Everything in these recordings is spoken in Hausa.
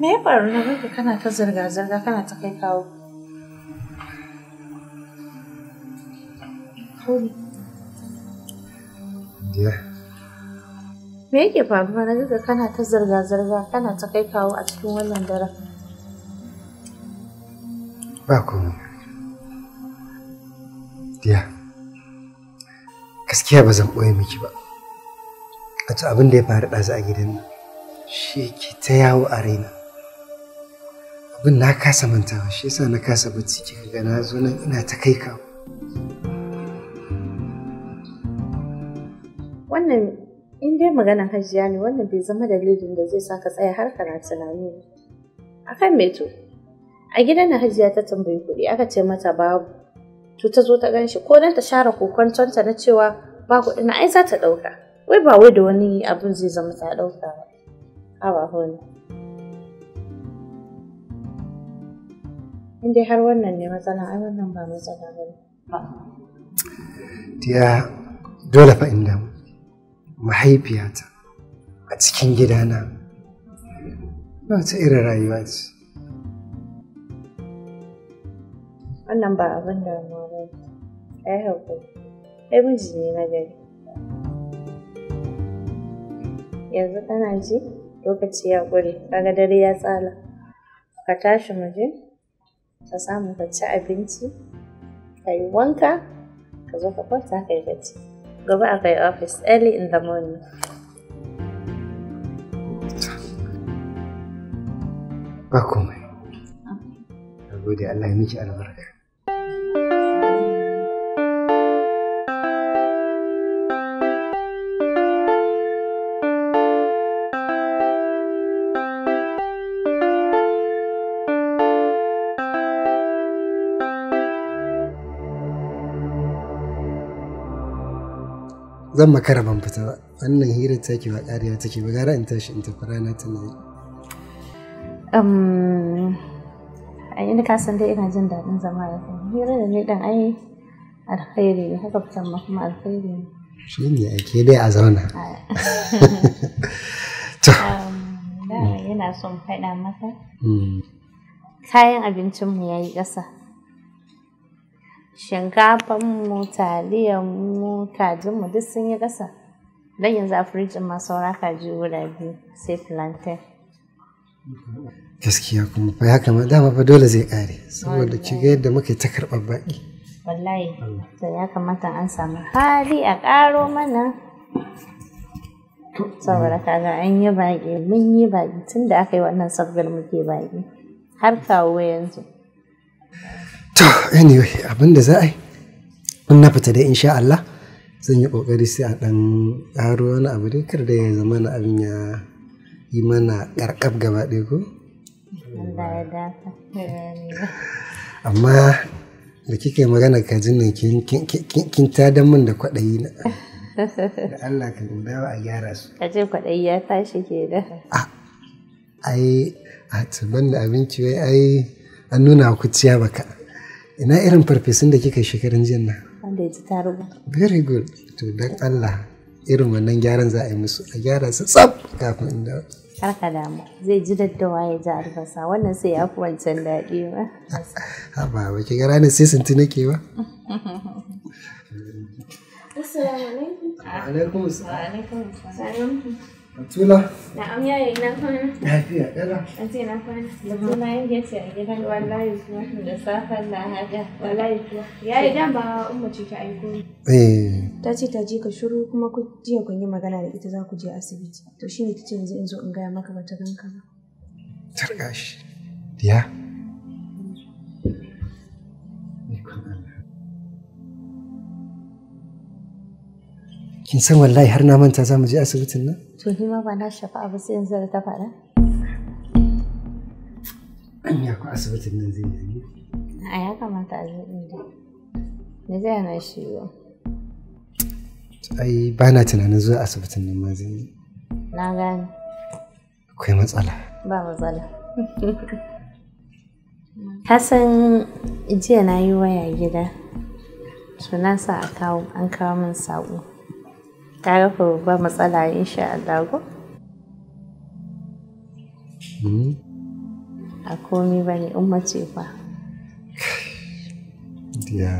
me ya faru na ganka kana ta zirga-zirga kana ta kai kawo ya me yake faruwa na ganka kana ta zirga-zirga kana ta kai kawo a cikin wannan daren ba komai diya gaskiya ba zan ɓoye miki ba a abin da ya faru ɗazu a gidan nan shi ke ta yawo a raina abin na kasa mantawa shi yasa na kasa bacci kika ga na zo nan ina ta kai ka wannan in dai magana hajiya ne wannan bai zama dalilin da zai saka tsaya har kana tunani akan me to a gidan na hajiya ta tambayi kuɗi aka ce mata babu to ta zo ta ganshi ko dan ta share kokontonta na cewa ba kuɗi na ai za ta ɗauka wai ba wai da wani abin zai zama ta ɗauka ba a in dai har wannan ne matsala ai wannan ba matsala ba Diya dole fa inda mahaifiyata a cikin gidana ba ta irin rayuwa ce. Wannan ba abin ma ba ai haƙuri, ai miji ne na gari. Yanzu kana ji lokaci ya ƙure, kaga dare ya tsala, ka tashi mu je? ka samu ka ci abinci ka yi wanka ka zo ka kwanta ka yi bacci gobe a kai office early in the morning ba komai na gode Allah ya miki albarka zan makara ban fita ba wannan hirar take ba ƙariya take ba gara in tashi in tafi rana ta ne a yi ka san dai ina jin daɗin zama da kai hira da ne ɗan ai alkhairi ne haka fitan ma kuma alkhairi ne shi ne ake dai a zauna to yana son faɗa maka mm. kayan abincinmu ya yi ƙasa shinkafanmu taliyanmu kajinmu duk sun yi ƙasa don yanzu a firijin ma saura kaji guda biyu sai plantain gaskiya kuma fa ya kama dama fa dole zai ƙare saboda ki ga yadda muke ta karɓar baƙi wallahi to ya kamata an samu hali a ƙaro mana saboda kaga an yi baƙi mun yi baƙi tun da aka yi wannan sabgar muke baƙi har kawo yanzu to anyway abin da za a yi in na fita da insha Allah zan yi kokari sai a dan karo wani abu dai kar da ya zama na abin ya yi mana karkab gaba ɗaya ko amma da kike magana kajin nan kin tadan min da kwaɗayi na da Allah ka dawo a gyara su ce kwaɗayi ya tashi ke da ai a tuban da abinci wai ai an nuna ku ciya baka ina irin farfesun da kika shekarun jiya nan wanda ya very good to dan Allah irin wannan gyaran za a yi musu a gyara su tsaf kafin in dawo karka damu zai ji daddawa ya ji albasa wannan sai ya fi wancan daɗi ba haba ba ki gara ne sai sinti ba na Na'am yayi na kwana. Lafiya kala. Ace na kwana. Lubuna yin yace a gidan wallahi kuma da safan na hada wallahi kuwa. Yayi dan ba umma ce ta aiko. Eh. Ta ce ta je ka shiru kuma ku jiya kun yi magana da ita za ku je asibiti. To shine tace yanzu in zo in gaya maka bata ganka ba. Tarkashi. Diya. kin san wallahi har na manta za mu je asibitin nan to ni ma ba na shafa abu sai yanzu da ta faɗa an ya ku asibitin nan zai yi a ya kamata a zo inda ne zai na shi yo. ai ba na tunanin zuwa asibitin nan ma zai yi na gane akwai matsala ba matsala Hassan jiya na yi waya gida, so na sa an kawo min saƙo. ta rufe ba matsala insha Allah ko? Hmm? A komi ba ne umarci ba. Diya.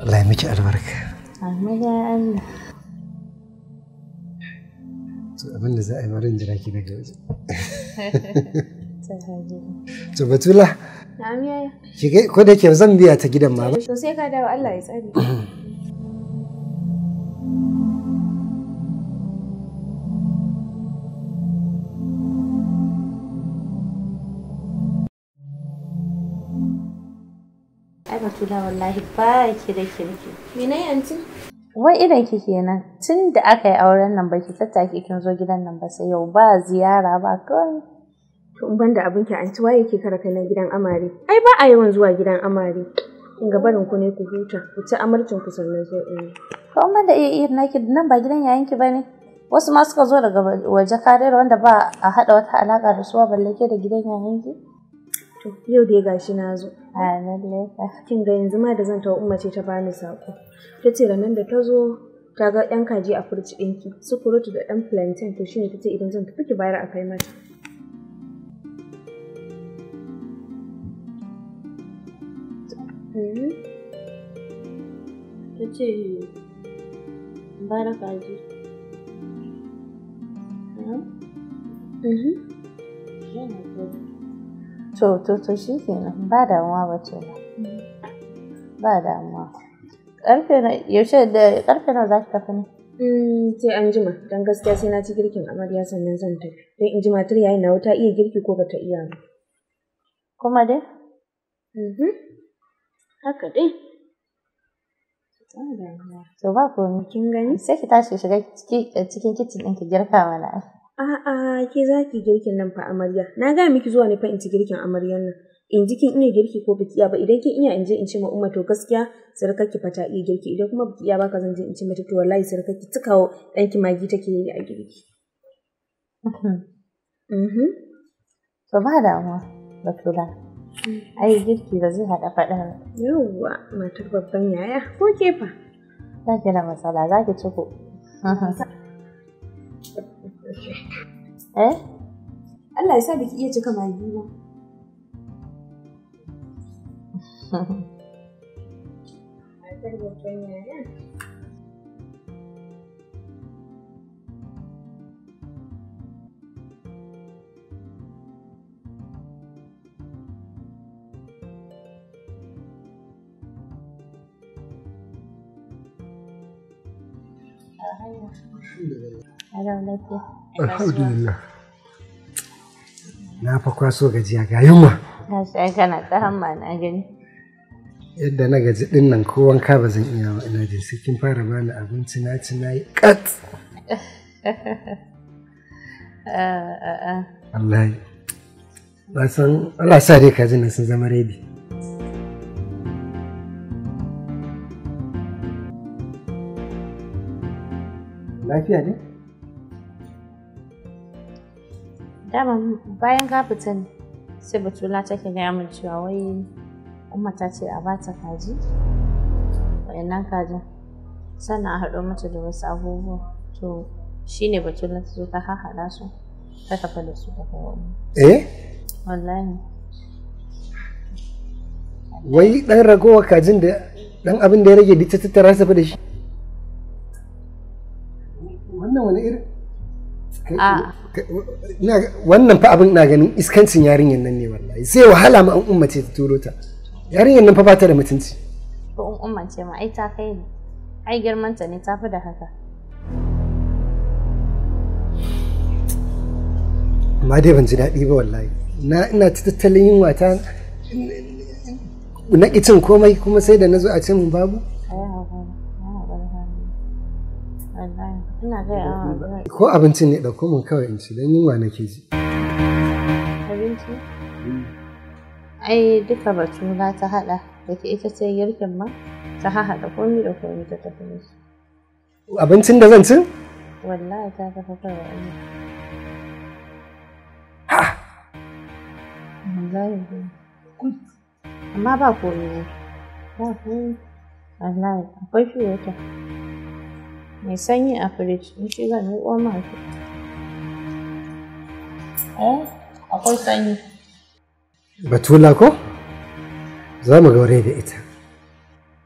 Allah miki albarka. Amin ya Allah. To abin da za a yi marin jira ki daga waje. To Batula. Amin ya. Ko da ke zan biya ta gidan ma ba. To sai ka dawo Allah ya tsare. ai tuna wallahi ba ki da kirki rike. nayi yanzu? wai idan ki kenan tun da aka yi auren nan baki tattaki kin zo gidan nan ba sai yau ba ziyara ba kawai to in banda abin ki ci waye ke kara kai na gidan amare ai ba a yawan zuwa gidan amare in ga barin ku ne ku huta ku ci amarcin ku sannan zo in ko amma da iya iya naki nan ba gidan yayin ki ne? wasu ma suka zo daga waje karera wanda ba a haɗa wata alaƙa da suwa balle ke da gidan yayanki To yau dai gashi na zo. A lalle. Kin ga yanzu ma da zan tawo umma ce ta bani sako. Ta ce ranar da ta zo ta ga yan kaji a furci ɗinki sukurutu da ɗan plantain to shine ta ce idan zan tafi ki bayar a kai mata. Mhm. Ta ce bara kaji. Mhm. Yana to to to shi kenan ba damuwa ba ce ba damuwa karfe na yaushe da karfe na za ki tafi ne mm, sai an jima don gaskiya sai na ci girkin amarya sannan zan tafi don in jima tur yayin nawa ta iya girki ko bata iya ba kuma dai mm-hmm. haka dai to ba komi kin gani sai ki tashi shiga cikin kicin ɗin ki girka mana A'a, ke za ki girkin nan fa amarya. Na ga miki zuwa ne fa in ci girkin amaryan nan. In ji kin iya girki ko biki ba idan kin iya in je in ce ma umma to gaskiya sarkar ki fata iya girki idan kuma biki ba ka zan je in ce mata to wallahi sarkar ki tukawo dan ki magi take yi a girki. Mhm. mhm. To ba damuwa, Batula. Ai girki ba zai haɗa faɗa ba. matar babban yaya ko ke fa ta da matsala, za ki ci ko. Eh? Allah ya sa biki iya cika magi Alhamdulillah. Na fa kwaso gajiya ga yunwa. Na sai gani. Yadda na gaji din nan ko wanka iya ba ina jin sai fara bani abinci na ci na yi kat. Ah, ah, ah. san Allah sa dai sun zama ready. Lafiya ne? daman bayan ka fita ne sai batula ke gaya min cewa wai umma ta ce a bata kaji wayannan kajin sannan a haɗo mata da wasu abubuwa to shi ne batula ta zo ta haɗa su ta tafi da su daga wani eh wallahi wai ɗan ragowa kajin da ɗan abin da ya rage duk ta tattara su da shi wannan wani irin wannan fa abin na ganin iskancin yarinyar nan ne wallahi sai wahala ma an ummace ta turo ta yarinyar nan fa ba ta da mutunci ko an ummace ma ai ta kai ne ai girman ta ne ta fi da haka amma dai ban ji daɗi ba wallahi na ina ta tattalin yunwa ta na kicin komai kuma sai da na zo a ce mun babu Ina ah, Ko abincin ne ɗauko min kawai in ci don yunwa nake ji. Abinci? Mm. Ai duka batuna ta haɗa da ke ita ce girkin ma ta haɗa komi da komi ta tafi musu. Abincin da zan ci? Wallahi ta tafi kawai Allah. Ha! Wallahi Amma ba komi ne. Ba komi. Wallahi akwai shi wata. mai sanyi a firij in ce zan miƙo ma shi eh akwai sanyi batula ko za mu gaure da ita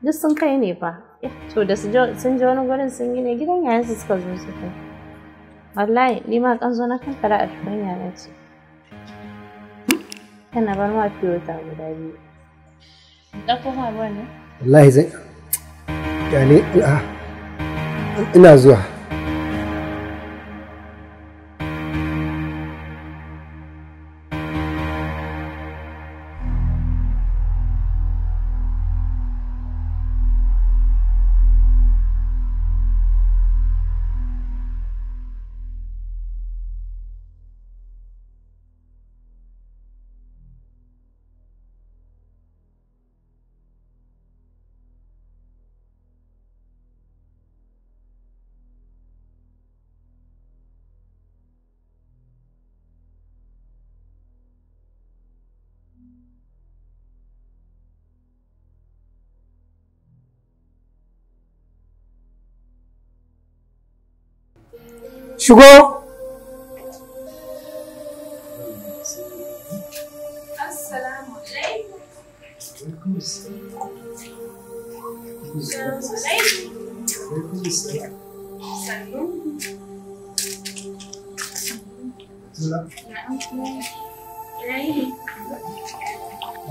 duk sun kai ne fa eh, to da sun je wani gurin sun yi ne gidan yayin su suka zo su kai wallahi ni ma kan zo na fara a cikin yana ce kana bar ma ta guda biyu da kuma ba ne wallahi zai ne a'a ina zuwa shigo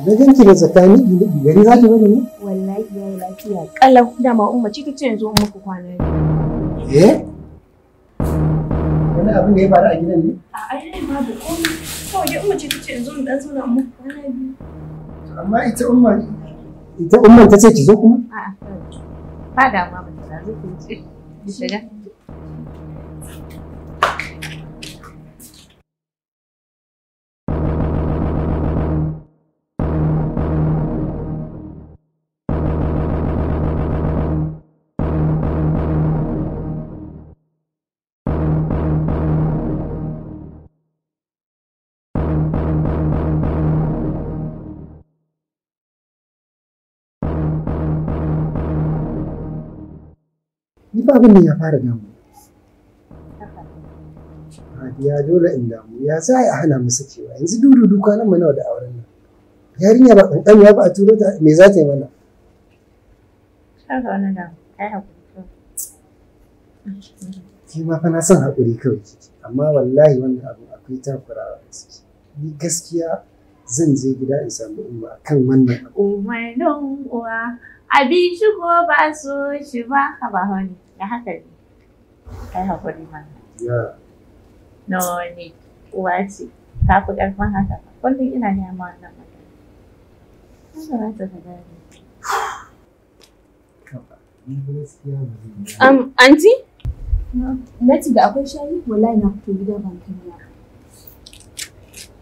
Na ganki da tsakani gari za ki bari ne? Wallahi ya yi lafiya. dama umma ce ta ce yanzu kwana. Eh? Wani abin da ya faru a gidan ne? A'a ai babu komai. Kawai dai umma ce ta ce zo in dan zauna mu kwana biyu. Amma ita umma ita umman ta ce ki zo kuma? A'a. Ba da ma ban ta zo ki ce. Ki shiga. ni abin ya fara damu ya dole in damu ya za a hana musu cewa yanzu dudu duka nan mana da auren nan yarinya ba kankan ya ba a turo ta me za ta yi mana ki ma fa na son haƙuri kawai amma wallahi wannan abu akwai takurawa ni gaskiya zan je gida in samu umma kan wannan abu umarnin uwa abin shigo ba so shi ba ka ba wani ya haka ne kai haƙuri mana um, no ni uwa ce ta fi ƙarfin haka kullum ina nema wannan magana haka ba ta gane Um, anti? Na ci da akwai shayi? Wallahi na fito gida ban kanya.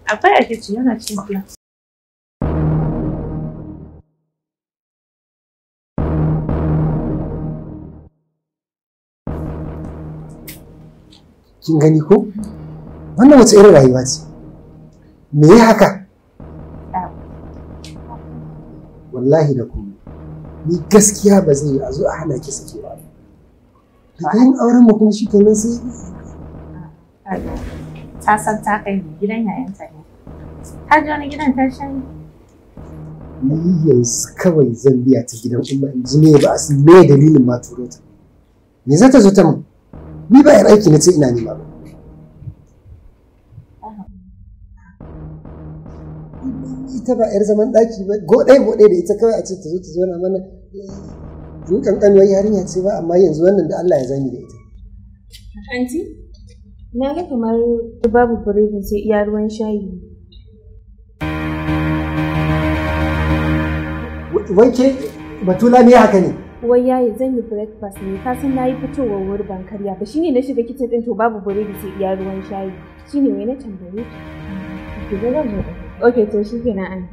Akwai a kici yana cin glass. kin gani ko wannan wace irin rayuwa ce me ya haka wallahi da kuma ni gaskiya ba zai yi a zo a hana ki sake ba daga yin auren mu kuma shi kenan sai ta san ta kai gidan yayanta ne ta ji wani gidan ta shan ni yanzu kawai zan biya ta gidan kuma in ji ne ba a san me dalilin ma turo ta me za ta zo ta mu? ni ba aiki na ce ina nema ba ita ba yar zaman ɗaki ba godai godai da ita kawai a ce ta zo ta zo mana in kankanuwar yarinya ce ba amma yanzu wannan da Allah ya zani da ita anti na ga kamar babu biredin sai iya ruwan shayi wanke batula ne haka ne wai yayi zan yi breakfast ne ka san nayi fitowar wuri ban karya ba shine na shiga kitchen din to babu buredi sai iya ruwan shayi shine wai na tambaye ki ki ga mu okay to shikenan an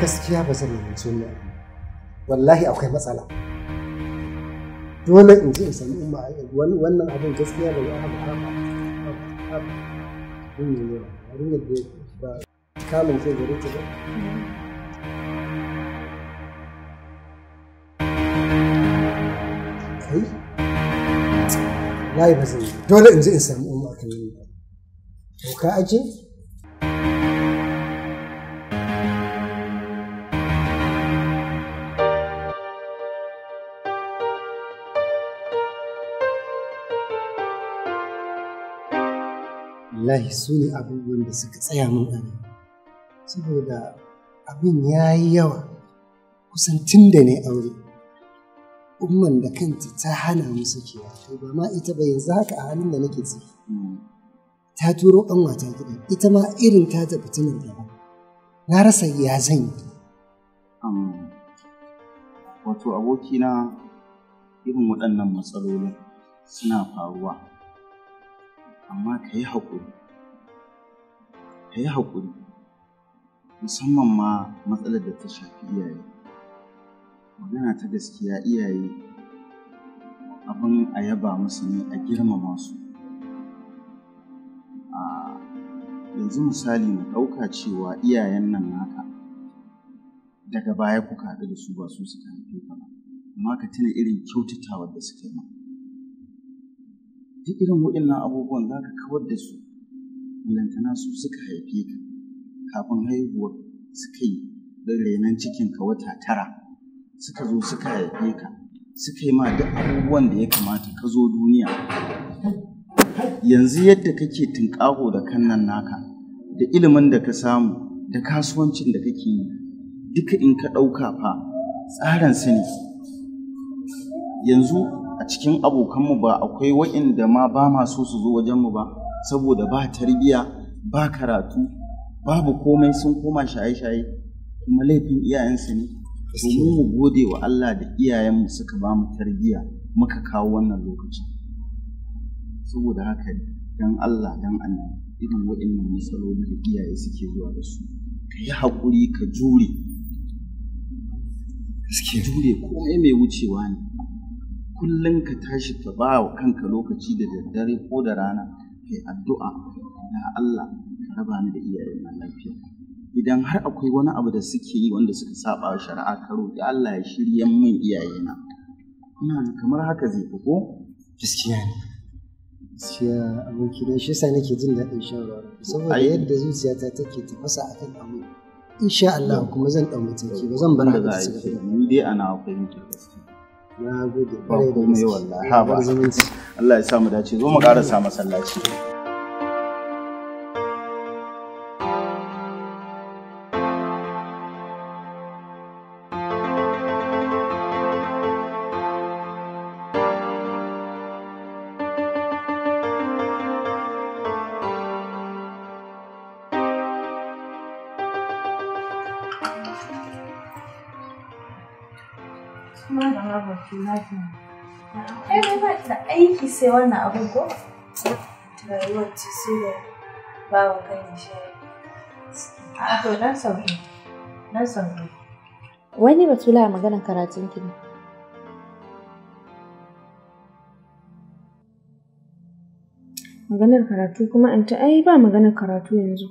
gaskiya ba zan yi tsoni wallahi akwai matsala dole in ji in sami umma wani wannan abin gaskiya ba za a ba ba ba ba ba ba kai wallahi ba zai dole in je in samu umu akan nan to ka ake wallahi sune ne abubuwan da suka tsaya min a saboda abin ya yi yawa kusan tun da ne aure umman da kanta ta hana musu kewa to ba ma ita ba yanzu haka a halin da nake ciki ta turo ƙanwata gida, ita ma irin ta ta fitinar da ba na rasa ya zan yi wato abokina irin waɗannan matsalolin suna faruwa amma ka yi haƙuri ka yi haƙuri musamman ma matsalar da ta shafi iyaye magana ta gaskiya iyaye abin a yaba musu ne a girmama su yanzu misali mu ɗauka cewa iyayen nan naka daga baya kuka haɗu da su ba su suka haife ka ba amma ka tuna irin kyautatawa da suke ma duk irin waɗannan abubuwan za ka kawar da su lantana su suka haife ka kafin haihuwar suka yi da renon cikinka wata tara suka zo suka haife ka suka yi ma duk abubuwan da ya kamata ka zo duniya yanzu yadda kake tunƙaho da kannan naka da ilimin da ka samu da kasuwancin da kake yi duka in ka ɗauka fa tsarin su ne yanzu a cikin abokanmu ba akwai wa'inda ma ba ma so su zo wajenmu ba saboda ba tarbiya ba karatu babu komai sun koma shaye-shaye kuma laifin iyayensu ne domin mu gode wa Allah da iyayenmu suka ba mu tarbiyya muka kawo wannan lokaci saboda haka dan Allah dan annabi irin waɗannan matsaloli da iyaye suke zuwa da su ka yi haƙuri ka jure ka jure komai mai wucewa ne kullum ka tashi ka ba wa kanka lokaci da daddare ko da rana kai addu'a ya Allah ka raba ni da iyayen lafiya idan har akwai wani abu da suke yi wanda suka saba wa shari'a ka roƙi Allah ya shirya min iyayena ina da kamar haka zai fi gaskiya ne gaskiya aboki da shi yasa nake jin daɗin shawarwara saboda yadda zuciyata take tafasa akan abu insha Allah kuma zan ɗau mataki ba zan bar haka su gaba ni dai ana fahimtar gaskiya na gode ba komai wallahi ha ba Allah ya sa mu dace zo mu sa masallaci wani ba da aiki sai wannan ah, A to Wani batula maganar karatun ki ne. maganar karatu kuma an ta ai ba maganar karatu yanzu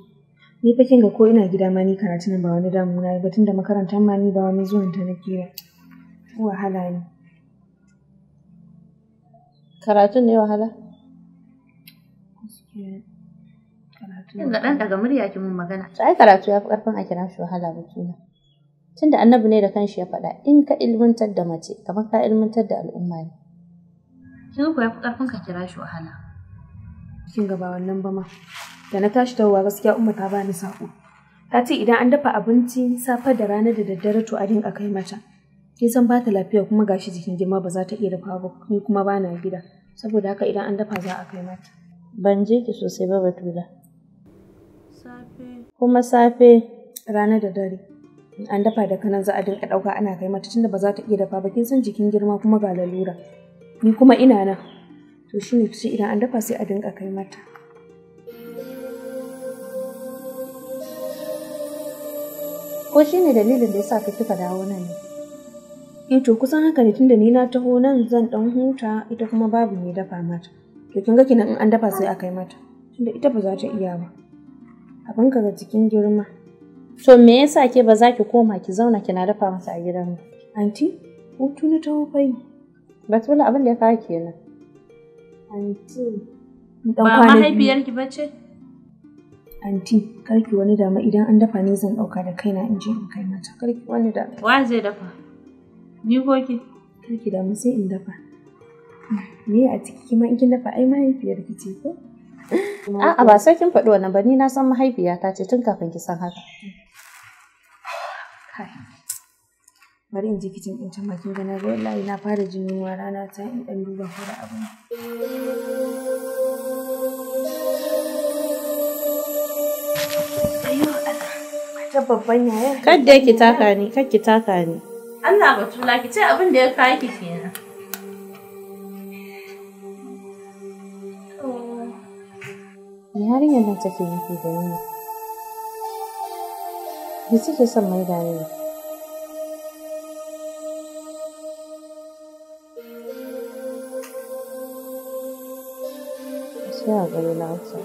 ni fa kinga ko ina gida ma ni karatu nan ba wani damuna ba tunda makarantar ma ni ba wani zuwan ta nake ba wahala ne Karatun ne wahala? Yin ga ɗan daga murya ki mun magana. Ta ai karatu ya fi ƙarfin a kira shi wahala ba kila. Tunda annabi ne da kanshi ya faɗa in ka ilmantar da mace kamar ka ilmantar da al'umma ne. Kin ku ya fi ƙarfin ka kira shi wahala. Kin ga ba wannan ba ma. Da na tashi tawowa gaskiya Umma ta bani saƙo. Ta ce idan an dafa abinci safe da rana da daddare to a dinga kai mata. ke san ba ta lafiya kuma gashi jikin girma ba za ta iya dafa ba ni kuma ba na gida saboda haka idan an dafa za a kai mata ban je ki sosai ba batula safe kuma safe rana da dare an dafa da kanan za a dinka dauka ana kai mata tunda ba za ta iya dafa ba kin san jikin girma kuma ga lalura ni kuma ina nan to shine sai idan an dafa sai a dinka kai mata ko shine dalilin da yasa ka kika dawo nan ne eh to kusan haka ne tunda ni na taho nan zan dan huta ita kuma babu mai dafa mata to kin ga kinan in an dafa sai a kai mata tunda ita ba za ta iya ba abin ka ga cikin girma to me yasa ke ba za ki koma ki zauna kina dafa masa a gidan anti hutu na taho fai batula abin da ya kawo kenan anti ba mahaifiyarki ba ce anti karki wani dama idan an dafa ne zan dauka da kaina in je in kai mata karki wani dama wa zai dafa Ni goge. Karki da mu sai in dafa. Me a ciki kima in kin dafa ai mahaifiyar ki ce ko? A'a ba sai kin faɗi wannan ba ni na san mahaifiyata ce tun kafin ki san haka. Bari in je kicin ɗin can bakin gana ga wallahi na fara jin yunwa rana ta in ɗan duba ko da abu. ta babban yaya. Kadda ki taka ni, kar ki taka ni. Allah tula ki ce abin da ya kai ki kenan. Yarinyar nan take nufi da ni. Me suke son mai da ni? Sai a gari na wasu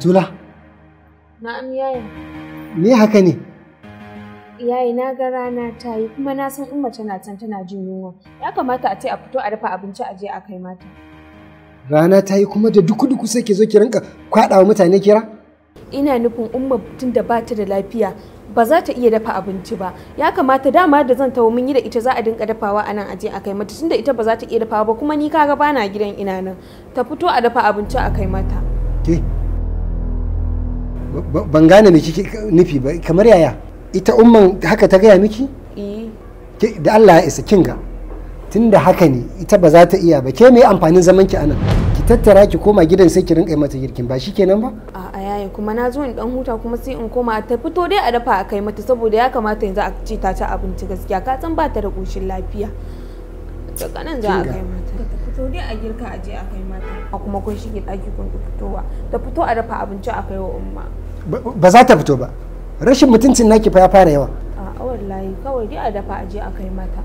Abdullah. Na'am yaya. Me haka ne? Yayi na ga rana ta yi kuma na san in tana can tana jin yunwa. Ya kamata a ce a fito a dafa abinci a je a kai mata. Rana ta yi kuma da duku duku sai ke zo ki rinka kwaɗawa mutane kira? Ina nufin umma tun da ba ta da lafiya ba za ta iya dafa abinci ba ya kamata dama da zan tawo mun yi da ita za a dinka dafawa a nan je a kai mata tunda ita ba za ta iya dafawa ba kuma ni kaga bana gidan ina nan ta fito a dafa abinci a kai mata ke ban gane miki nufi ba kamar yaya ita umman haka ta gaya miki eh. da Allah ya isa kinga tunda haka ne ita ba za ta iya ba ke mai amfanin zaman ki anan ki tattara ki koma gidan sai ki rinka mata girkin ba shi kenan ba a'a yaya kuma na zo in dan huta kuma sai in koma ta fito dai a dafa a kai mata saboda ya kamata yanzu a ci ta ci abinci gaskiya ka san ba ta da koshin lafiya daga nan za a kai mata ta fito dai a girka a je a kai mata a kuma kun shige daki kun fitowa ta fito a dafa abinci a kai wa umma ba za ta fito ba rashin mutuncin naki fa ya fara yawa a wallahi kawai dai a dafa aje a kai mata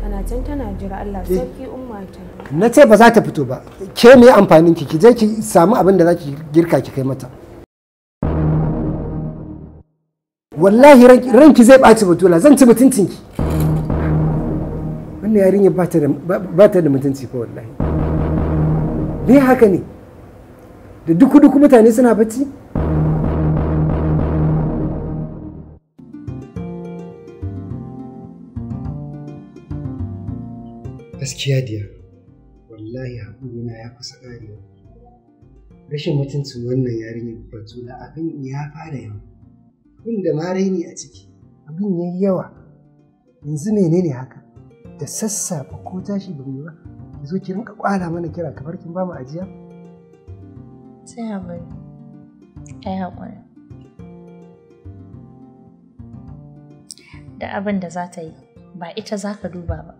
tana can tana jira Allah eh. sarki ta na ce ba za ta fito ba ke me amfanin ki ki je ki samu abin da zaki girka ki kai mata wallahi ranki zai ɓaci batula zan ci mutuncin ki wannan yarinya ba ta da mutunci fa wallahi me haka ne da duk duk mutane suna bacci gaskiya diya wallahi yana ya kusa ƙarewa rashin mutuncin wannan yarinyar batula abin ya fara yau abin da ma raini a ciki abin ya yi yawa yanzu ne haka da sassafe ko tashi ba ba Ya zo ki rinka kwala mana kira kamar kin ba mu ajiya sai haƙuri ai haƙuri da abin da za ta yi ba ita za ka duba ba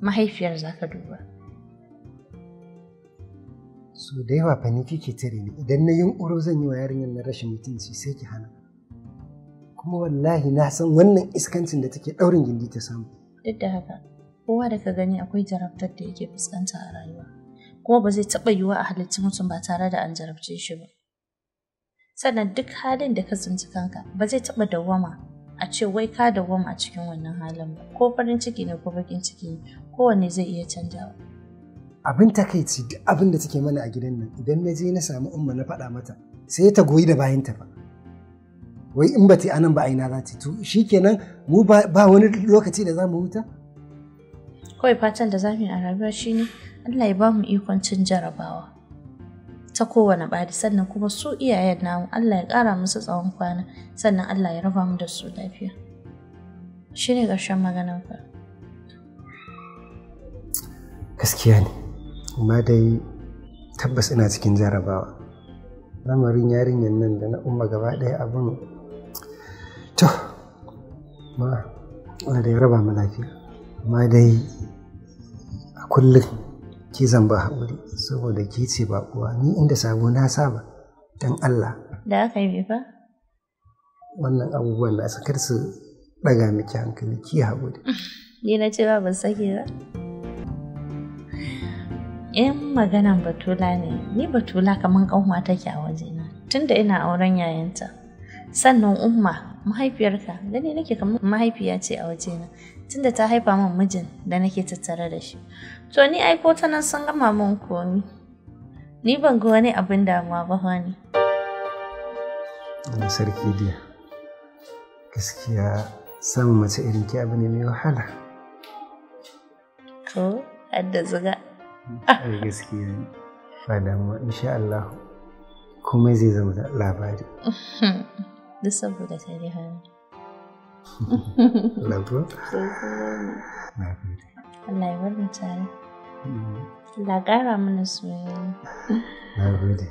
mahaifiyar za ka duba. So da yawa fa ni kike tare ni idan na yunƙuro zan yi wa yarinyar na rashin mutunci sai ki hana. Kuma wallahi na san wannan iskancin da take ɗaurin gindi ta samu. Duk da haka, kowa da ka gani akwai jarabtar da yake fuskanta a rayuwa. Kuma ba zai taɓa yiwuwa a halicci mutum ba tare da an jarabce shi ba. Sannan duk halin da ka tsinci kanka ba zai taɓa dawwama a ce wai ka dawwama a cikin wannan halin ba ko farin ciki ne ko baƙin ciki kowanne zai iya canjawa. Abin takaici duk abin da take mana a gidan nan idan na je na samu umma na faɗa mata sai ta goyi da bayan ta fa. Wai in ba ta anan ba aina za ta to shi kenan mu ba wani lokaci da za mu huta? Kawai fatan da za mu yi a rayuwa shine Allah ya ba mu ikon cin jarabawa. ta kowane ɓari sannan kuma su iyayen namu Allah ya ƙara musu tsawon kwana sannan Allah ya raba mu da su lafiya. Shi ne ƙarshen maganar gaskiya ne amma dai tabbas ina cikin jarabawa lamarin yarinyar nan da na umma gaba ɗaya abin to ma wanda da ya raba mu lafiya amma dai a kullum ki zan ba haƙuri saboda ki ce ba uwa ni inda sabo na saba don Allah da aka yi fa wannan abubuwan na sakar su ɗaga miki hankali ki haƙuri ni na ce ba ban sake ba 'yan maganan batula ne ni batula kamar kanwa take a wajena tunda ina auren yayanta sannan umma mahaifiyarka gani nake kamar mahaifiya ce a wajena tunda ta haifa min mijin da nake tattare da shi to ni ai ko ta nan sun gama min komi ni ban ga wani abin damuwa ba wani sarki dia gaskiya samun mace irin ki abu ne mai wahala ko adda zuga ai eh, gaskiya ne ba damuwa insha Allah komai zai zama labari duk saboda ta dai Allah ya bari tare. Mm. Allah ya ƙara mana soyayya. Na gode.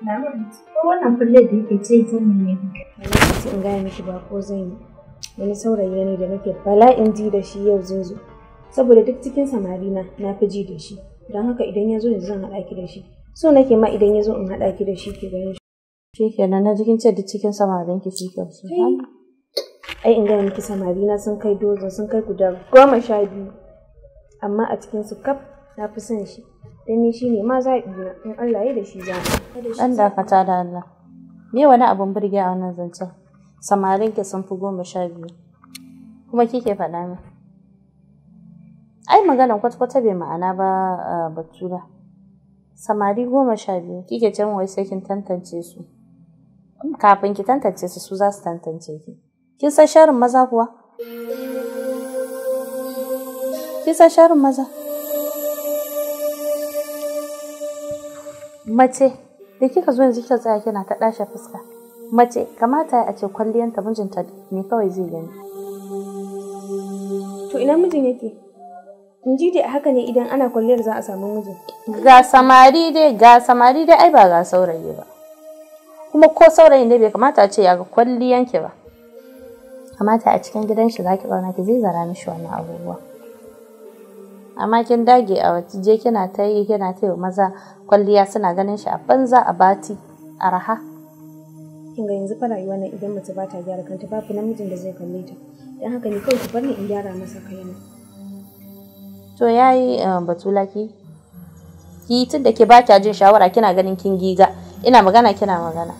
ko wannan kullum da yake ce zan yi ne lokaci in gaya miki ba ko zan yi wani saurayi ne da nake in ji da shi yau zai saboda duk cikin samari na na fi ji da shi don haka idan ya zo yanzu zan haɗa ki da shi so nake ma idan ya zo in haɗa ki da shi ke gani shi kenan na jikin cewa duk cikin samarin ki shi kyau su ai in gaya miki samari na sun kai dozo sun kai guda goma sha biyu amma a cikin su kaf na fi son shi Dani shi ne ma zaɓina in Allah ya da shi za Dan dakata da Allah. Me wani abun birge a wannan zancen? Samarin ki sun fi goma sha biyu. Kuma kike faɗa min. Ai maganan kwata-kwata bai ma'ana ba Batura. Samari goma sha biyu kike can wai sai kin tantance su. Kafin ki tantance su su za su tantance ki. Kin san sharin maza kuwa? Kin san sharin maza? mace da kika zo yanzu kika tsaya kina ta dashe fuska mace kamata a ce kwalliyanta mijinta ne kawai zai gani to ina mijin yake in ji dai haka ne idan ana kwalliyar za a samu mijin ga samari dai ga samari dai ai ba ga saurayi ba kuma ko saurayi ne bai kamata a ce ya ga kwalliyanki ba kamata a cikin gidan shi zaki zauna ki zai zara mishi wannan abubuwa amma kin dage a wata je kina ta yi kina ta yi maza kwalliya suna ganin shi a banza a bati a raha kin ga yanzu fara rayuwa nan idan mace ba ta gyara kanta babu namijin da zai kalle ta dan haka ni kawai ki bar ni in gyara masa kaina to yayi eh, batula ki ki tun da ke ba kya jin shawara kina ganin kin giga ina magana kina magana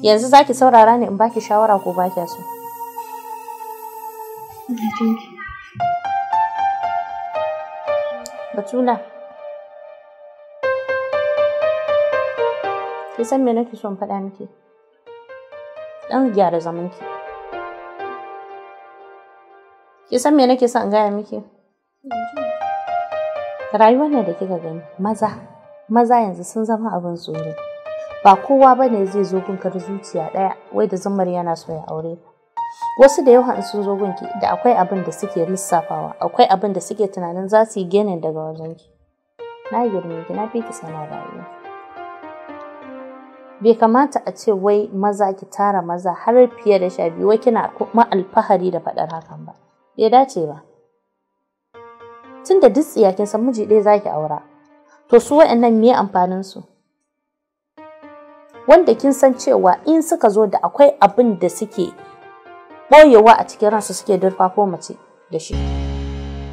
yanzu zaki saurara ne in baki shawara ko ba so abincinki. Batula. Ki san me nake son faɗa miki? Ɗan gyara zamanki. Ki san me nake son gaya miki? Rayuwar ne da kika gani maza, maza yanzu sun zama abin tsoro. Ba kowa ba ne zai zo gunkar zuciya ɗaya wai da zumar yana so ya aure ka. wasu da yawa sun zo gunki da akwai abin da suke lissafawa akwai abin da suke tunanin za su yi genin daga wajenki na girme ki na fi ki sana rayuwa bai kamata a ce wai maza ki tara maza har fiye da sha biyu wai kina kuma alfahari da faɗar hakan ba bai dace ba Tunda duk tsiyakin san miji ɗaya zaki aura to su waɗannan me amfanin su wanda kin san cewa in suka zo da akwai abin da suke ɓoyewa a cikin ransu suke ko mace da shi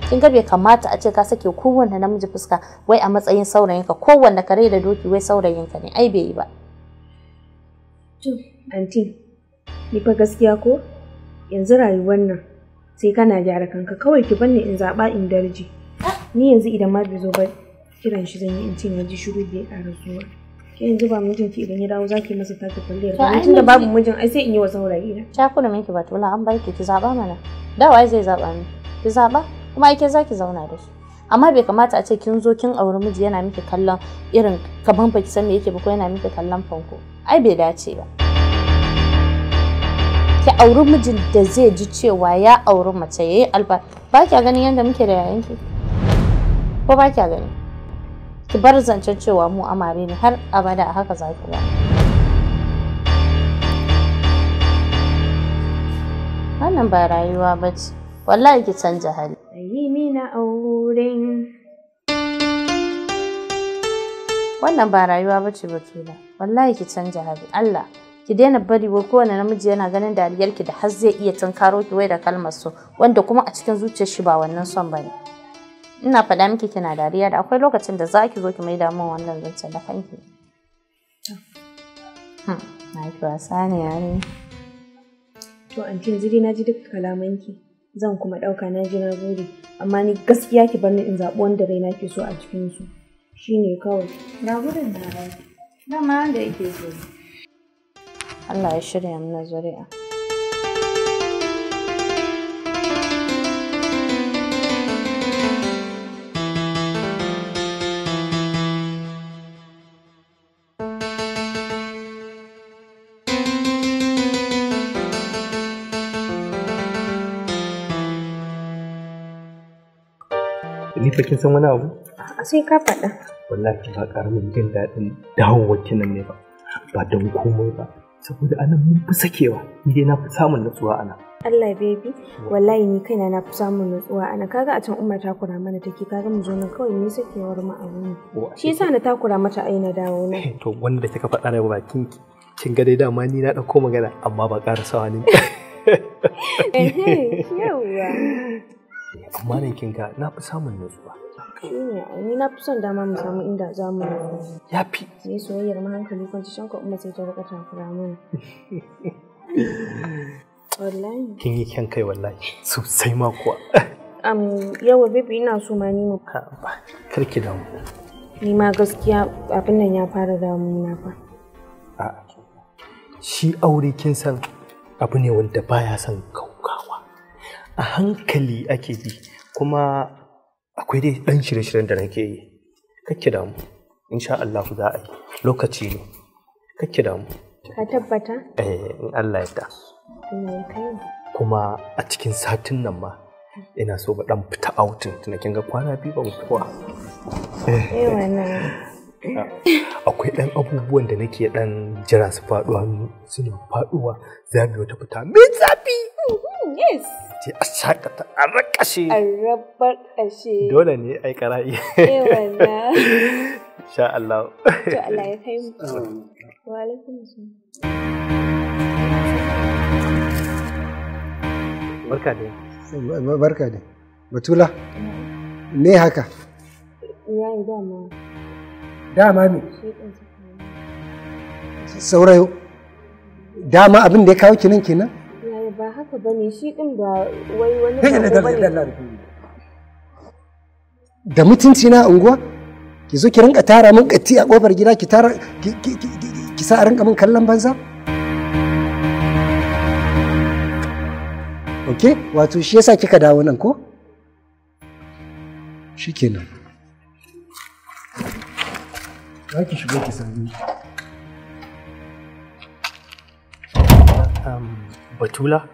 kin ga bai kamata a ce ka sake kowanne namiji fuska wai a matsayin saurayinka kowanne kare da doki wai saurayinka ne ai bai yi ba to anti ni fa gaskiya ko yanzu rayuwar nan sai kana gyara kanka kawai ki banne in zaba in darji ah! ni yanzu idan ma bai zo ba kiran shi zan yi in ce na ji shiru bai ƙara zuwa ke yanzu ba mijinki idan ya dawo zaki masa taka kwalliyar ba tun da babu mijin ai sai in yi wa saurayi na ta miki minki batula an barke ki zaba mana da wai zai zaba ni ki zaba kuma ai ke zaki zauna da shi amma bai kamata a ce kin zo kin auri miji yana miki kallon irin ba baki san me yake ba ko yana miki kallon fanko ai bai dace ba ki auri mijin da zai ji cewa ya auri mace yayi alba ba kya ganin yadda muke da yayanki ko ba kya gani ki bar zancen cewa mu amare ne har abada a haka za ki ba wannan ba rayuwa ba ce wallahi ki canja hali mina auren wannan ba rayuwa ba ce bakila wallahi ki canja hali Allah ki daina bari wa kowane namiji yana ganin dariyarki da har zai iya tunkaro ki wai da kalmar so wanda kuma a cikin zuciyar shi ba wannan son ba ne. ina faɗa miki kina dariya da akwai lokacin da za ki zo ki mai damun wannan zance da kanki hmm, na ki wasa ne ne to an yanzu na ji duka kalamanki zan kuma ɗauka na ji na gode amma ni gaskiya ki bar ni in zaɓi wanda raina ke so a cikin su shine kawai na gudun na rai ma wanda yake so Allah ya shirya mana zuri'a Hanifa kin san wani abu? A sai ka faɗa. Wallahi ba ƙaramin jin daɗin dawowar kinan ne ba. Ba don komai ba. Saboda ana mun fi sakewa, ni dai na fi samun nutsuwa ana. Allah baby, wallahi ni kaina na fi samun nutsuwa ana kaga a can Umar takura mana take kaga mu zo nan kawai ni sakewar mu a wuni. Shi yasa na takura mata aina dawo ne. To wanda kika faɗa da bakin ki. Kin ga dai dama ni na ɗauko magana amma ba ƙara sawa ne. Eh, Yawwa. amma ninkinka na fi samun nutsuwa ni na fi son dama mu samu inda za mu ya fi sai soyayyar ma hankali kwanci shanka umma sai ta rika fara mun wallahi kin yi kyan kai wallahi sosai ma kuwa am yawa bibi ina so ma ni mu kar ki mu ni ma gaskiya abin nan ya fara mu na fa a shi aure kin san abu ne wanda baya son kaukawa a hankali ake bi kuma akwai dai ɗan shirye-shiryen da nake yi kake damu insha Allah za a yi lokaci ne kake damu ka tabbata eh in Allah ya kuma a cikin satin nan ma ina so ba dan fita outing tuna kin ga kwana biyu ba fito eh. eh wannan akwai ɗan abubuwan da nake ɗan jira su faɗuwa suna faɗuwa za mu wata fita mai zafi yes sai a shakata a rakashe a kashe dole ne ai kara'i eh wannan sha Allah to Allah ya kai mu wa alaikum barka da barka dai batula ne haka yayi dama dama ne saurayo dama abin da ya kawo kinan kenan shi ba wai wani ba ne da mutunci na unguwa ki zo ki rinka tara min katti a kofar gida ki tara ki sa a rinka min kallon banza ok wato shi yasa kika dawo nan ko shikenan za ki shigo ki sami batula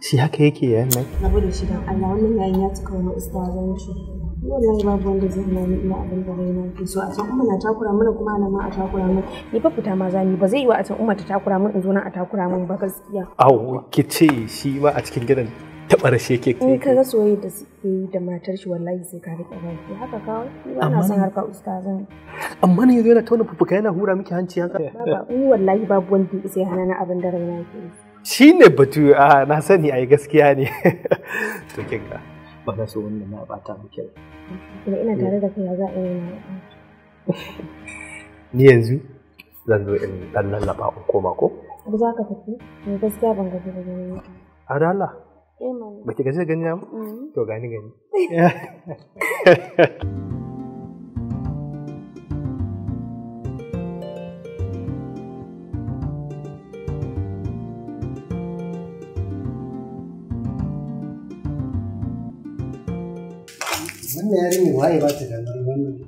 shi haka yake ya mai abu da shi don Allah wannan yayin ya cika wani ustazanci wallahi babu wanda zai hana ni ina abin da na ke so a can umma na takura mana kuma ana ma a takura mun. ni fa fita ma ni ba zai yi wa a can ta takura mun in zo na a takura mun ba gaskiya au ki ce shi ba a cikin gidan taɓa rashe ke kai in ka ga soyayya da suke yi da matar shi wallahi sai ka rika baki haka kawo ni ba na son harkar ustazan amma ne yanzu yana tauna fufuka yana hura miki hanci haka baba ni wallahi babu wanda zai hana na abin da raina ke shi ne batu a na sani ai gaskiya ne to kin ka ba na so wannan na bata muke kuma ina tare da kai za a yi ni yanzu zan zo in dan lallaba in koma ko ba za ka tafi ni gaskiya ban ga da ni a da Allah eh ba ki gaji da gani na mm. to gani gani wannan yarinyar waye ba ta damar wannan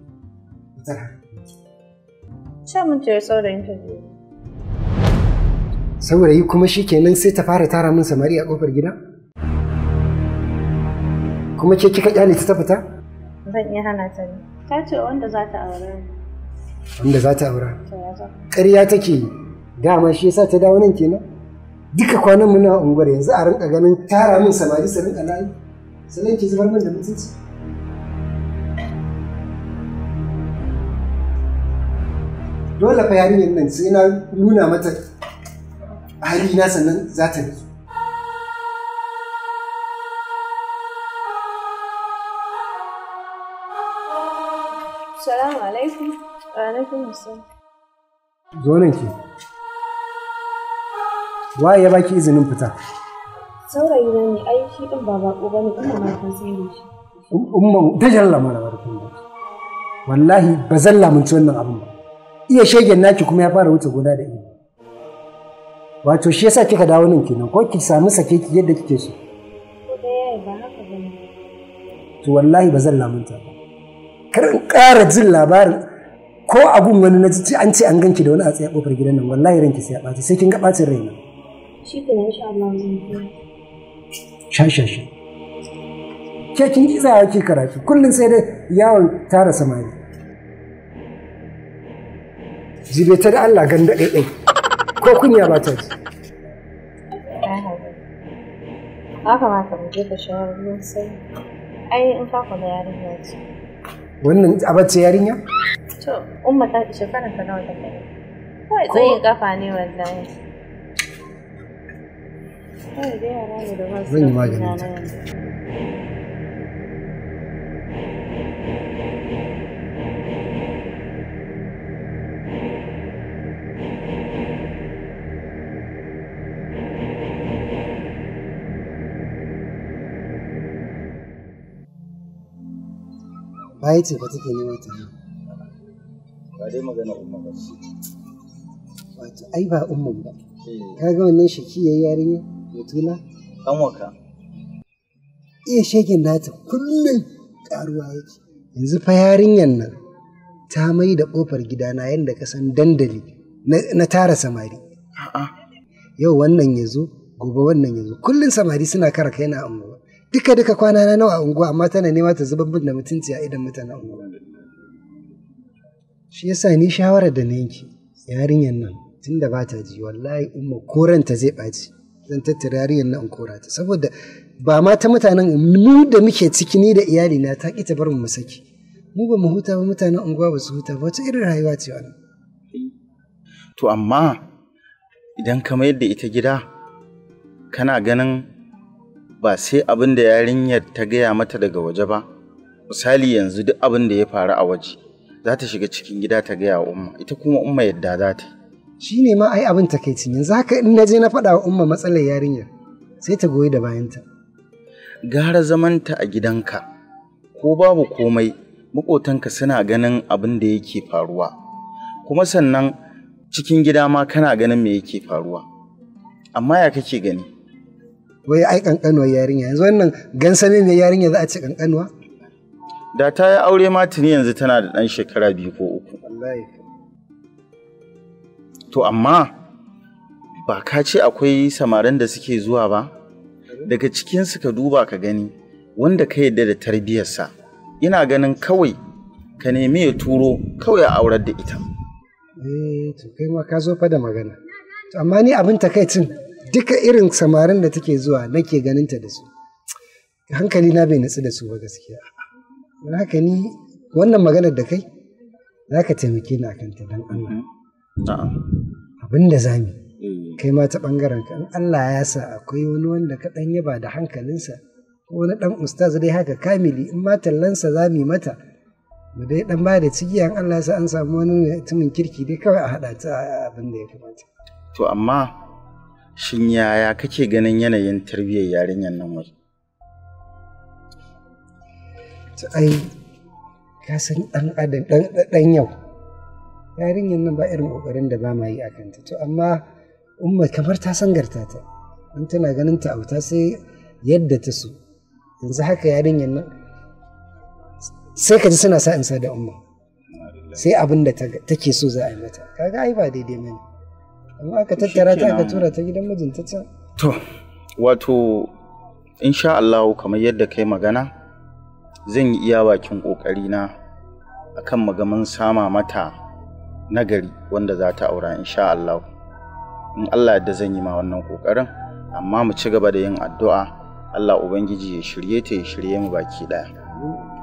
ita sha mutiyar saurayin ta kuma shi kenan sai ta fara tara min samari a kofar gida kuma ke kika kyale ta fita zan iya hana ta ne ta ce wanda za ta aure wanda za ta aura ƙarya take yi dama shi yasa ta dawo nan kenan duka kwanan muna unguwar yanzu a rinka ganin tara min samari su rinka layi ki zubar min da mutunci dole fa yarinyar nan sai na nuna mata hali na sannan za ta bi. Salamu alaikum. Alaikum assalam. Zo nan ke. Wa ya baki izinin fita? Saurayi na ne ai shi din ba bako bane kuma na kan sai ne shi. Um, Umman dajalla mana barkin. Wallahi ba zan mun ci wannan abin ba. iya shegen naki kuma ya fara wuce gona da ilimi wato shi yasa kika dawo nan kenan ko ki samu sake ki yadda kike so to wallahi ba zan lamunta ba kar in ƙara jin labarin ko abun wani na ji an ce an ganki da wani a tsaye kofar gidan nan wallahi ranki sai ya ɓaci sai kin ga ɓacin raina shi ke nan sha Allah sha sha sha ke kin ki tsayawa ki karatu kullum sai dai yawon tara samari jibe ta da Allah ganda ɗaiɗai ko kunya ba ta ji. Ya kamata ka ruwan yarinya ce. Wannan yarinya? To, umma ta ce shekarar nawa ta kai. Kawai tsayin kafa ne wallahi. Kawai yara ne da bayi ce ba take nema ta yi ba dai magana umma ba ce wato ai ba umman ba eh. ga wannan shaki yayi yarinya mutula an waka iya shegen nata kullum karuwa yake yanzu fa yarinyan nan ta mai da kofar gidana yadda ka san dandali na tara samari yau wannan ya zo gobe wannan ya zo kullum samari suna kara kai na amma duka duka kwana na nawa a unguwa amma tana nema ta zubar da mutunci a idan mutanen unguwa shi yasa ni shawarar da na yanki yarinyar nan tunda ba ta ji wallahi umma koranta zai ɓaci zan tattara yarinyar nan kora ta saboda ba ma ta mutanen mu da muke ciki ni da iyali na ta ki ta bar mu saki mu ba mu huta ba mutanen unguwa ba su huta ba wata irin rayuwa ce wannan to amma idan ka mayar da ita gida kana ganin ba sai abin da yarinyar ta gaya mata daga waje ba misali yanzu duk abin da ya faru a waje za ta shiga cikin gida ta gaya wa umma ita kuma umma yadda za ta shi ne ma ai abin takaicin yanzu haka in na je na faɗa wa umma matsalar yarinyar sai ta goyi da bayanta gara zamanta a gidanka ko babu komai maƙotanka suna ganin abin da yake faruwa kuma sannan cikin gida ma kana ganin me yake faruwa amma ya kake gani wai ai kankanuwa yarinya yanzu wannan gansame da yarinya za a ce kankanuwa da ta yi aure ma tuni yanzu tana da ɗan shekara biyu ko uku to amma ba ka ce akwai samarin da suke zuwa ba daga cikinsu ka duba ka gani wanda ka yadda da tarbiyyarsa ina ganin kawai ka nemi ya turo kawai a aurar da ita eh to kai ma ka zo fa da magana to amma ni abin takaicin duka irin samarin da take zuwa nake ganinta da su hankali na bai nutsu da su ba gaskiya haka ni wannan maganar da kai za ka taimake ni akan ta don Allah abin da za mu eh. kai ma ta bangaren ka Allah ya sa akwai wani wanda ka dan yaba da hankalinsa ko wani dan ustaz dai haka kamili in ma tallansa za mu mata mu dai dan ba da cigiyan Allah ya sa an samu wani mutumin kirki dai kawai a hada ta abin da ya kamata to amma Shin yaya kake ganin yanayin tarbiyyar yarinyar nan wai? Ta ai, ka san ɗan adam dan yau. Yarinyar nan ba irin kokarin da ba ma yi a kanta. To amma umma kamar ta san garta ta. In tana ganin ta auta sai yadda ta so. Yanzu haka yarinyar nan sai ka ji suna sa in sa da umma. Sai abin da take so za a yi mata. Kaga ai ba daidai mani. amma aka tattara ta aka tura ta gidan mijinta can to wato insha Allah kamar yadda kai magana zan yi iya bakin kokari na akan magaman sama mata nagari wanda za ta aura insha Allah in Allah yadda zan yi ma wannan kokarin amma mu ci gaba da yin addu'a Allah ubangiji ya shirye ta ya shirye mu baki daya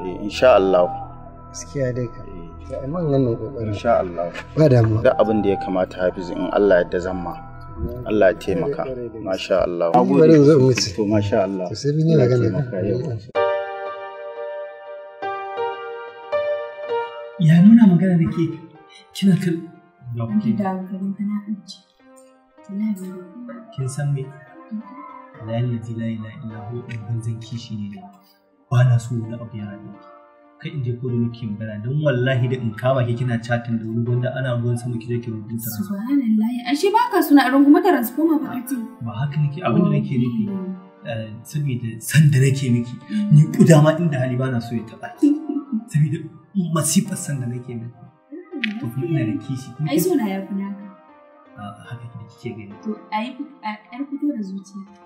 eh insha Allah gaskiya dai ai man wannan kokarin insha Allah ba damuwa duk abin da ya kamata Hafizu in Allah yadda zan ma Allah ya taimaka masha Allah gode zan wuce to masha Allah to sai bin magana ya nuna magana da ke kina kan da kuke da garin kana aji kin san me la ilaha illa Allah in zan kishi ne ba na so wani abu ya kai in je ko da nake magana don wallahi da in kama ke kina chatin da wani wanda ana ruwan sama ki je ki rubuta ta subhanallahi ashe baka suna a rungu mata transforma ba kace ba haka nake abin da nake nufi mm. eh, saboda san da nake miki ni kuda ma inda hali bana so ya taba saboda masifar san da nake miki to kuma ina da kishi ai so na yafi naka a haka kike gani to ai yar fito da zuciya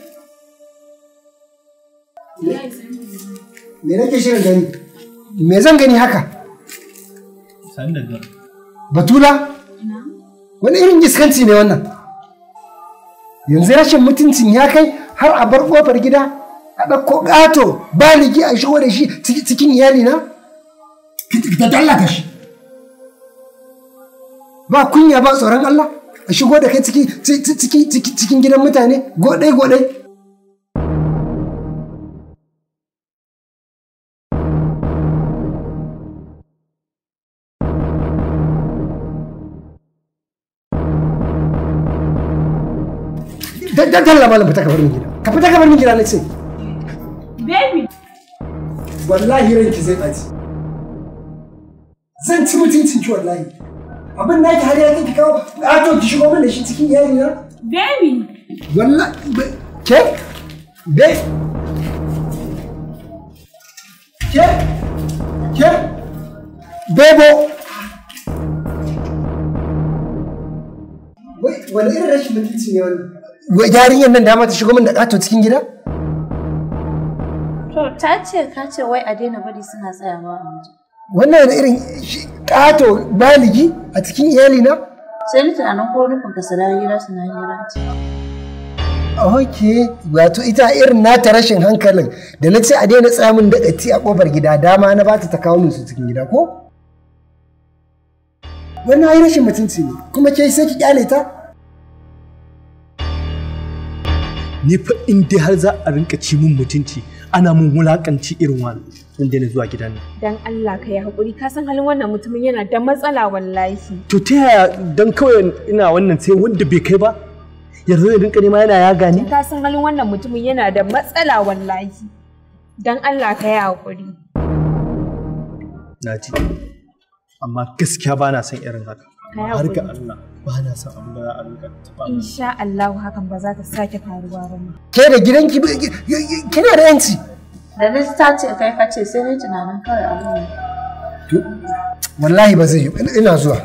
Me nake shirin gani? Me zan gani haka? Sani da Batula? Wani irin jiskanci ne wannan? Yanzu rashin mutuncin ya kai har a bar kofar gida a ɗauko ƙato ki a shigo da shi cikin iyali na? Ka tallaka shi. Ba kunya ba tsoron Allah a shigo da kai cikin gidan mutane godai-godai. dan talla malam fita ka bar min gida ka fita ka bar min gida na ce baby wallahi zai ɓaci zan ci mutuncin ki wallahi abin da yake har ya ki kawo a to ki shigo min da shi cikin iyali na baby wallahi ke be ke ke bebo wani irin rashin mutunci ne wannan yarinyar nan dama ta shigo min da ƙato cikin gida? To ta ce ka ce wai a daina bari suna tsayawa a waje. Wannan da irin ƙato baligi a cikin iyali na? Sai ni tunanin ko nufin ka sana hira sana hira ce. Ok, wato ita irin nata rashin hankalin da na ce a daina tsaya min da a ƙofar gida dama na ba ta ta kawo min su cikin gida ko? Wannan ai rashin mutunci ne kuma ke sai ki kyale ta? ni fa in dai har za a rinka ci min mutunci ana mun wulakanci irin wani zan na zuwa gidan nan dan Allah ka yi hakuri ka san halin wannan mutumin yana da matsala wallahi to ta yaya dan kawai ina wannan sai wanda bai kai ba yanzu zai rinka nema yana ya gani ka san halin wannan mutumin yana da matsala wallahi dan Allah ka yi hakuri na ji amma gaskiya ba na son irin haka a Allah ba na son ba a rika in sha Allah hakan ba za ta sake faruwa ba ke da da yanci da na kai ka sai tunanin kawai wallahi ba zai yi ina zuwa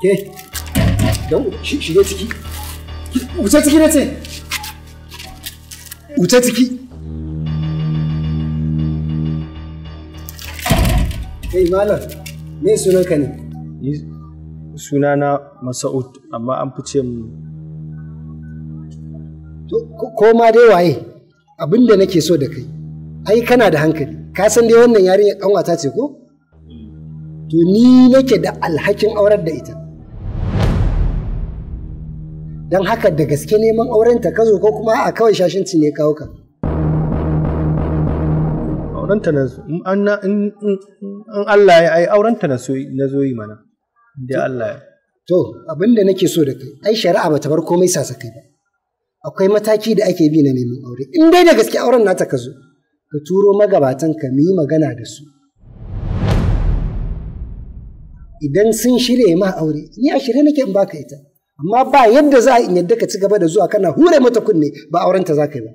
ke don shige ciki wuce ciki na ce wuce ciki Kai malam, me ka ne? Suna na Masa'ud, amma an fi ce Ko ma dai waye, abin da nake so da kai, ai kana da hankali, ka san dai wannan yarinya ƙanwata ce ko? To ni nake da alhakin aurar da ita. Don haka da gaske neman aurenta ka zo ko kuma a kawai shashinci ne kawo ka. aurenta na in Allah ya ai aurenta na zo yi mana da Allah ya to abin da nake so da kai ai shari'a bata bar komai sasakai ba akwai mataki da ake bi na neman aure in dai da gaske auren nata ka zo ka turo magabatan ka mu yi magana da su idan sun shirya ma aure ni a shirye nake in baka ita amma ba yadda za a in yadda ka ci gaba da zuwa kana hure mata kunne ba aurenta za ka yi ba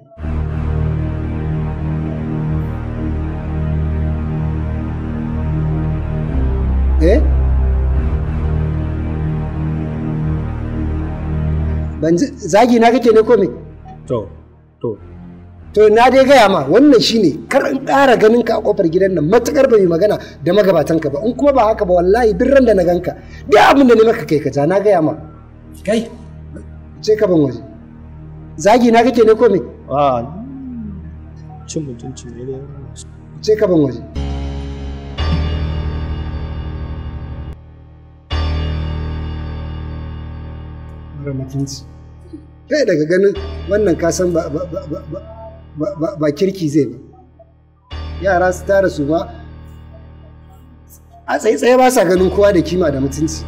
eh ban zagi na kake ne ko me to to to na dai gaya ma wannan shine kar in ƙara ganin ka a kofar gidan nan matukar bai magana da magabatan ka ba in kuma ba haka ba wallahi duk ran da na ganka duk abin da ne maka kai ka ja na gaya ma kai ce ka ban waje zagi na kake ne ko me a ah, cin mutunci ne ce ka ban waje matansu kai daga ganin wannan kasan ba ba kirki zai ba yara su tara su ba a tsaye-tsaye ba sa ganin kowa da kima da mutunci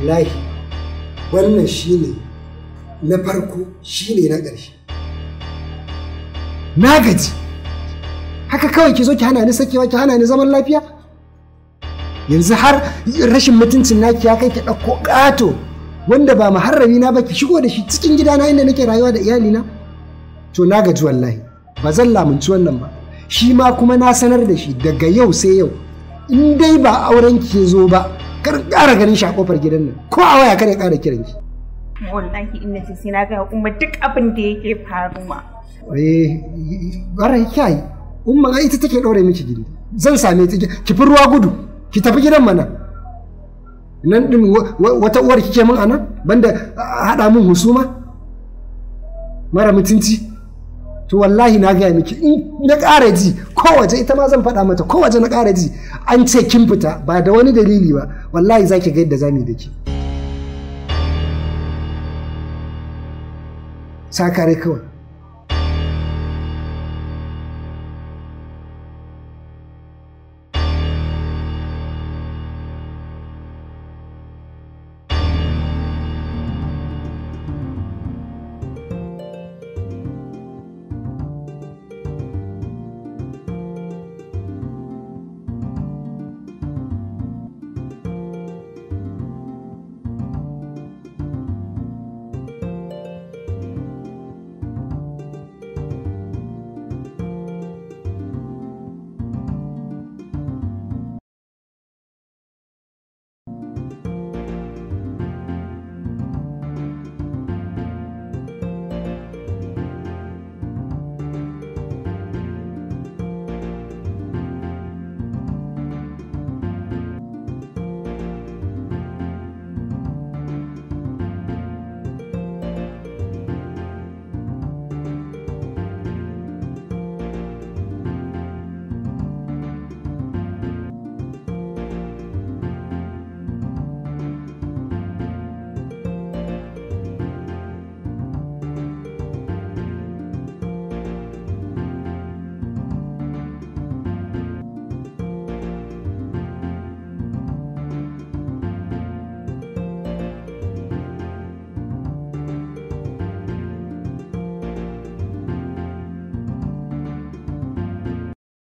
wallahi wannan shine na farko shine na ƙarshe na gaji haka kawai ki zo ki hana ni sakewa ki hana ni zaman lafiya yanzu har rashin mutuncin naki ya kai ki ɗauko ƙato wanda ba maharrami na ba ki shigo da shi cikin gidana inda nake rayuwa da iyalina to na gaji wallahi ba zan lamunci wannan ba shi ma kuma na sanar da shi daga yau sai yau in dai ba auren ki zo ba kar ƙara ganin shi a ƙofar gidan nan ko a waya kada ƙara kiran ki wallahi in nace sai na ga kuma duk abin da yake faruwa eh bare kai umma ai ita take ɗaure miki gindi zan same ta ki fi ruwa gudu ki tafi gidan mana nan din wata uwar kike min anan banda haɗa min husuma mara mutunci to wallahi na gaya miki in na ƙara ji kowace ita ma zan faɗa mata kowace na ƙara ji an ce kin fita ba da wani dalili ba wallahi za ki ga yadda za mu da ki sakare kawai